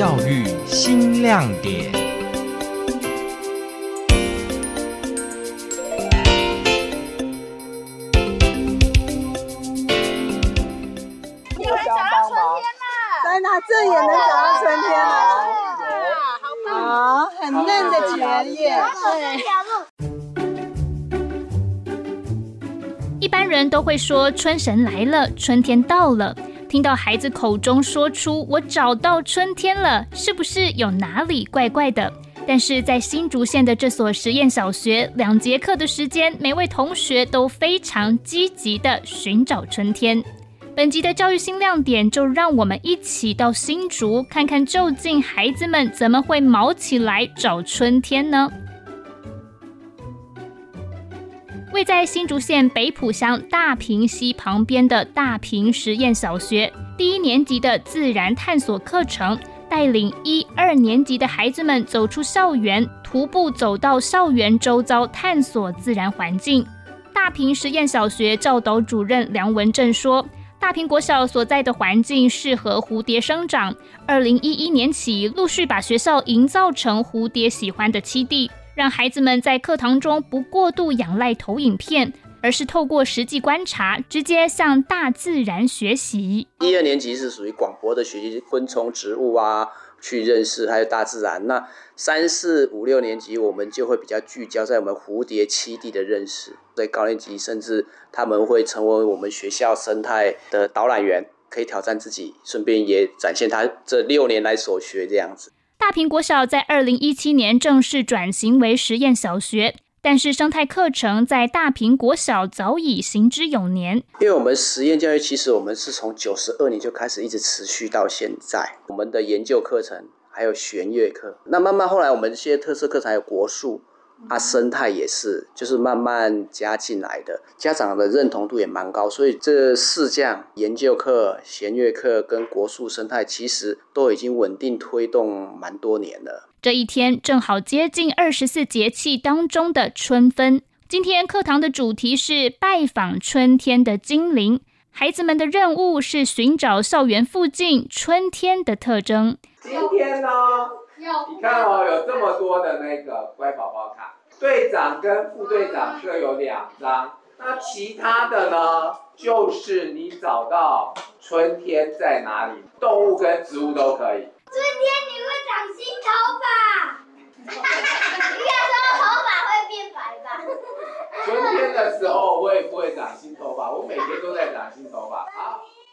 教育新亮點。有人找到春天了！好棒！很嫩的。一般人都會說，春神來了，春天到了。聽到孩子口中說出“我找到春天了”，是不是有哪裡怪怪的？但是在新竹縣的這所實驗小學，兩節課的時間，每位同學都非常積極的尋找春天。本集的教育新亮點，就讓我們一起到新竹看看，究竟孩子們怎麼會卯起來找春天呢？位在新竹縣北埔鄉大坪溪旁邊的大坪實驗小學第一年級的自然探索課程，帶領一二年級的孩子們走出校園，徒步走到校園周遭探索自然環境。大坪實驗小學教導主任梁文正說：“大坪國小所在的環境適合蝴蝶生長，二零一一年起陸續把學校營造成蝴蝶喜歡的棲地。”讓孩子們在課堂中不過度仰賴投影片，而是透過實際觀察，直接向大自然學習。一二年級是屬於廣博的學習，昆蟲、植物啊，去認識還有大自然。那三四五六年級，我們就會比較聚焦在我們蝴蝶棲地的認識。對高年級，甚至他們會成為我們學校生態的導覽員，可以挑戰自己，順便也展現他這六年來所學這樣子。大坪國小在二零一七年正式轉型為實驗小學，但是生態課程在大坪國小早已行之有年。因為我們實驗教育，其實我們是從九十二年就開始一直持續到現在。我們的研究課程還有弦樂課，那慢慢後來我們這些特色課程還有國術。啊，生態也是，就是慢慢加進來的，家長的認同度也蠻高，所以這四項，研究課、弦樂課跟國術生態，其實都已經穩定推動蠻多年了。這一天正好接近二十四節氣當中的春分，今天課堂的主題是拜訪春天的精靈，孩子們的任務是尋找校園附近春天的特徵。今天呢？你看哦，有這麼多的那個乖寶寶卡，隊長跟副隊長各有兩張，那其他的呢，就是你找到春天在哪裡，動物跟植物都可以。春天你會長新頭髮。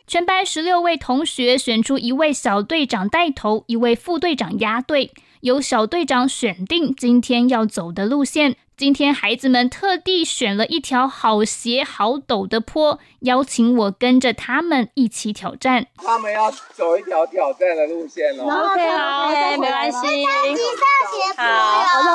全班十六位同學選出一位小隊長帶頭，一位副隊長壓隊，由小隊長選定今天要走的路線。今天孩子們特地選了一條好斜、好陡的坡，邀請我跟着他們一起挑戰。他們要走一條挑戰的路線哦。OK，好、啊，沒關係。大姐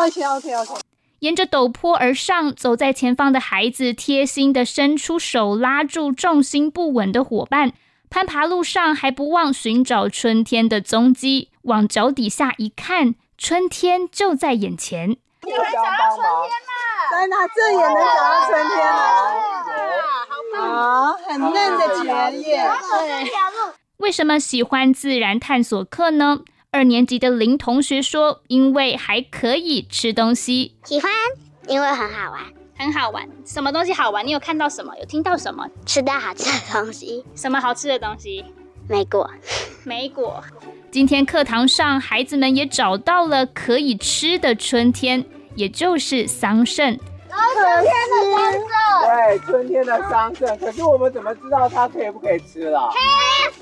大姐好，OK，OK，OK。好沿着陡坡而上，走在前方的孩子貼心的伸出手拉住重心不穩的夥伴。攀爬路上還不忘尋找春天的蹤跡，往腳底下一看，春天就在眼前。你找到春天了！真的，這也能找到春天嗎？哇、啊，好棒！好、啊，很嫩的蕨葉、啊啊啊。為什麼喜歡自然探索課呢？二年級的林同學說：“因為還可以吃東西，喜歡，因為很好玩，很好玩。什麼東西好玩？你有看到什麼？有聽到什麼？吃的好吃的東西？什麼好吃的東西？莓果，莓果。今天課堂上，孩子們也找到了可以吃的春天，也就是桑葚。”哦、春天的桑葚，對，春天的桑葚。可是我們怎麼知道它可以不可以吃了？黑。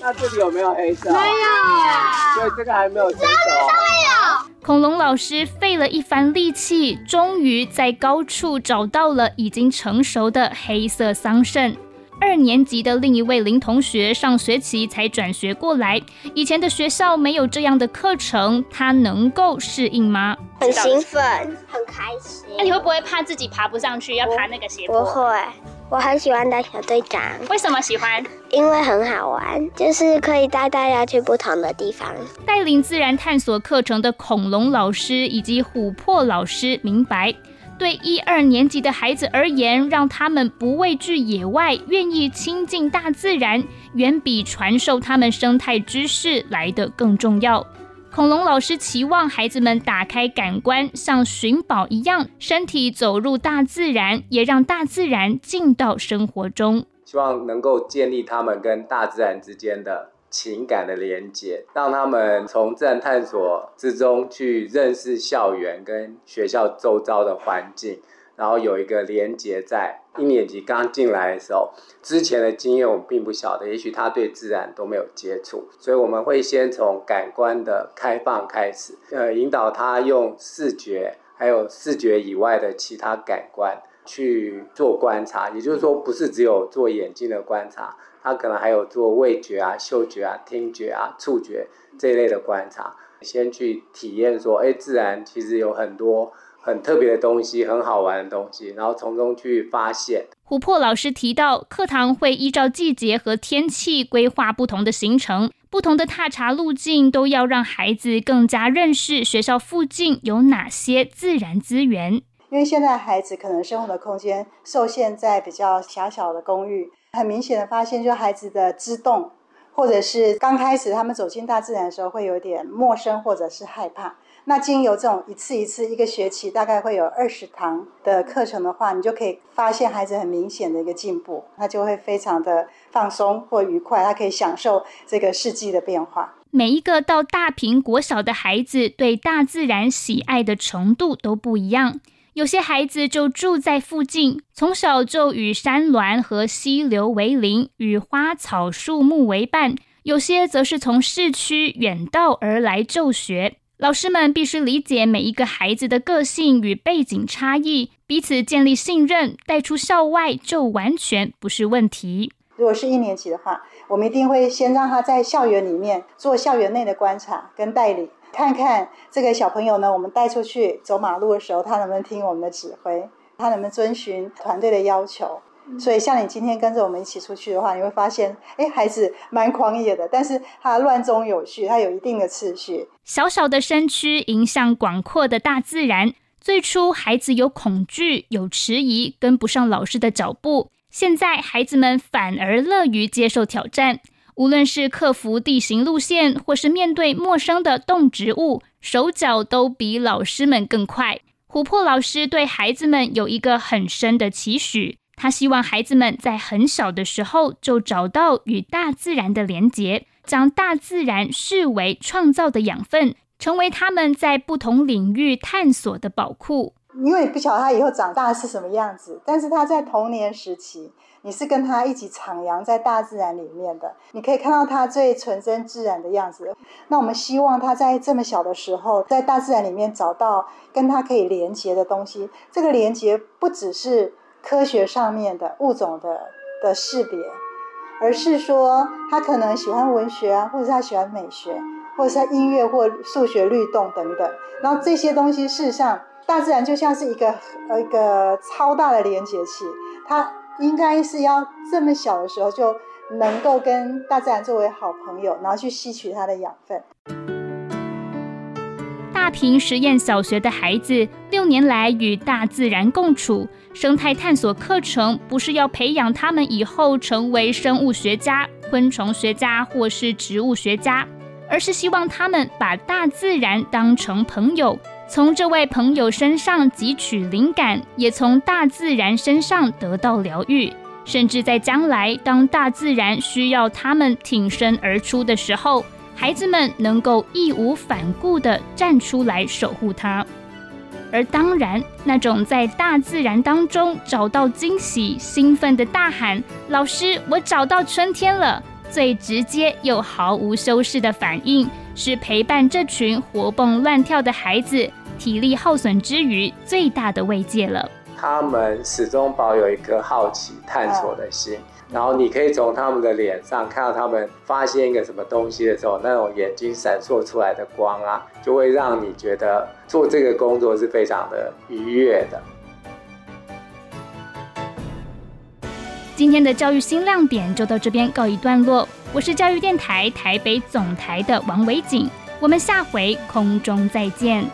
那這裡有沒有黑色？沒有、啊。所以這個還沒有成熟。哪裡都沒有。恐龍老師費了一番力氣，終於在高處找到了已經成熟的黑色桑葚。二年級的另一位林同學，上學期才轉學過來，以前的學校沒有這樣的課程，他能夠適應嗎？很興奮，很開心。那、啊、你會不會怕自己爬不上去，要爬那個斜坡？不會，我很喜歡當小隊長。為什麼喜歡？因為很好玩，就是可以帶大家去不同的地方。帶領自然探索課程的恐龍老師以及琥珀老師明白。對一二年級的孩子而言，讓他們不畏懼野外，願意親近大自然，遠比傳授他們生態知識來得更重要。恐龍老師期望孩子們打開感官，像尋寶一樣，身體走入大自然，也讓大自然進到生活中，希望能夠建立他們跟大自然之間的情感的連接，讓他們從自然探索之中去認識校園跟學校周遭的環境，然後有一個連接。在一年級剛進來的時候，之前的經驗我們並不曉得，也許他對自然都沒有接觸，所以我們會先從感官的開放開始，呃，引導他用視覺，還有視覺以外的其他感官。去做觀察，也就是說，不是只有做眼睛的觀察，他可能還有做味覺啊、嗅覺啊、聽覺啊、觸覺啊、觸覺這一類的觀察。先去體驗說，哎，自然其實有很多很特別的東西，很好玩的東西，然後從中去發現。琥珀老師提到，課堂會依照季節和天氣規劃不同的行程，不同的踏查路徑都要讓孩子更加認識學校附近有哪些自然資源。因為現在孩子可能生活的空間受限在比較狹小的公寓，很明顯的發現，就孩子的自動，或者是剛開始他們走進大自然的時候會有點陌生或者是害怕。那經由這種一次一次，一個學期大概會有二十堂的課程的話，你就可以發現孩子很明顯的一個進步，他就會非常的放鬆或愉快，他可以享受這個四季的變化。每一個到大坪國小的孩子對大自然喜愛的程度都不一樣。有些孩子就住在附近，從小就與山巒和溪流為鄰，與花草樹木為伴；有些則是從市區遠道而來就學。老師們必須理解每一個孩子的個性與背景差異，彼此建立信任，帶出校外就完全不是問題。如果是一年級的話，我們一定會先讓他在校園裡面做校園內的觀察跟帶領。看看這個小朋友呢，我們帶出去走馬路的時候，他能不能聽我們的指揮？他能不能遵循團隊的要求？所以，像你今天跟着我們一起出去的話，你會發現，哎，孩子蠻狂野的，但是他亂中有序，他有一定的次序。小小的身軀迎向廣闊的大自然。最初，孩子有恐懼，有遲疑，跟不上老師的腳步。現在，孩子們反而樂於接受挑戰。無論是克服地形路線，或是面對陌生的動植物，手腳都比老師們更快。琥珀老師對孩子們有一個很深的期許，他希望孩子們在很小的時候就找到與大自然的連接，將大自然視為創造的養分，成為他們在不同領域探索的寶庫。因為你不曉得他以後長大的是什麼樣子，但是他在童年時期，你是跟他一起徜徉在大自然裡面的，你可以看到他最純真自然的樣子。那我們希望他在這麼小的時候，在大自然裡面找到跟他可以連結的東西。這個連接不只是科學上面的物種的的識別，而是說他可能喜歡文學啊，或者他喜歡美學，或者是他音樂或數學律動等等。然後這些東西事實上。大自然就像是一個呃一個超大的連接器，它應該是要這麼小的時候就能夠跟大自然作為好朋友，然後去吸取它的養分。大坪實驗小學的孩子六年來與大自然共處，生態探索課程不是要培養他們以後成為生物學家、昆蟲學家或是植物學家，而是希望他們把大自然當成朋友，從這位朋友身上汲取靈感，也從大自然身上得到療癒，甚至在將來當大自然需要他們挺身而出的時候，孩子們能夠義無反顧的站出來守護他。而當然，那種在大自然當中找到驚喜、興奮的大喊“老師，我找到春天了”，最直接又毫無修飾的反應，是陪伴這群活蹦亂跳的孩子。體力耗損之餘，最大的慰藉了。他們始終保有一顆好奇、探索的心，嗯，然後你可以從他們的臉上看到他們發現一個什麼東西的時候，那種眼睛閃爍出來的光啊，就會讓你覺得做這個工作是非常的愉悅的。今天的教育新亮點就到這邊告一段落。我是教育電台台北總台的王維景，我們下回空中再見。